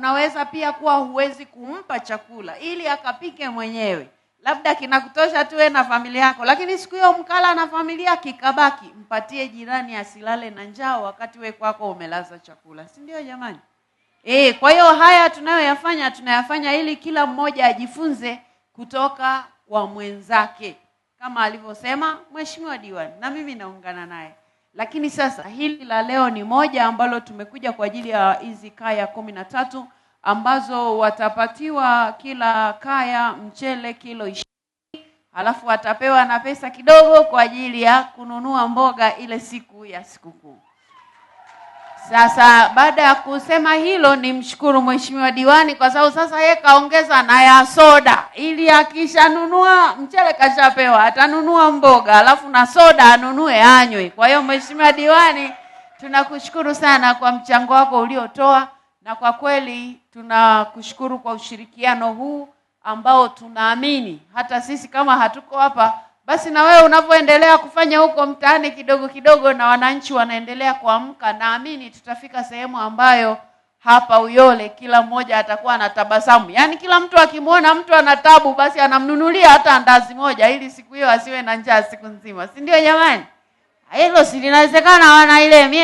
kunaweza pia kuwa huwezi kumpa chakula ili akapike mwenyewe labda kinakutosha tuwe na familia yako lakini siku hiyo mkala na familia kikabaki mpatie jirani asilale na njaa wakati we kwako umelaza chakula si ndio jamani e, kwa hiyo haya tunayoyafanya tunayafanya ili kila mmoja ajifunze kutoka kwa mwenzake kama alivyosema mheshimiwa diwani na mimi naungana naye lakini sasa hili la leo ni moja ambalo tumekuja kwa ajili ya hizi kaya kumi na tatu ambazo watapatiwa kila kaya mchele kilo ishirini, halafu watapewa na pesa kidogo kwa ajili ya kununua mboga ile siku ya sikukuu. Sasa baada ya kusema hilo, nimshukuru mheshimiwa diwani kwa sababu sasa yeye kaongeza na ya soda, ili akishanunua mchele kashapewa, atanunua mboga, alafu na soda anunue anywe. Kwa hiyo mheshimiwa diwani, tunakushukuru sana kwa mchango wako uliotoa, na kwa kweli tunakushukuru kwa ushirikiano huu ambao tunaamini hata sisi kama hatuko hapa basi na wewe unavyoendelea kufanya huko mtaani kidogo kidogo, na wananchi wanaendelea kuamka, naamini tutafika sehemu ambayo hapa Uyole kila mmoja atakuwa na tabasamu yaani kila mtu akimwona mtu ana tabu, basi anamnunulia hata andazi moja, ili siku hiyo asiwe na njaa siku nzima, si ndio? Jamani, hilo si linawezekana? wana ile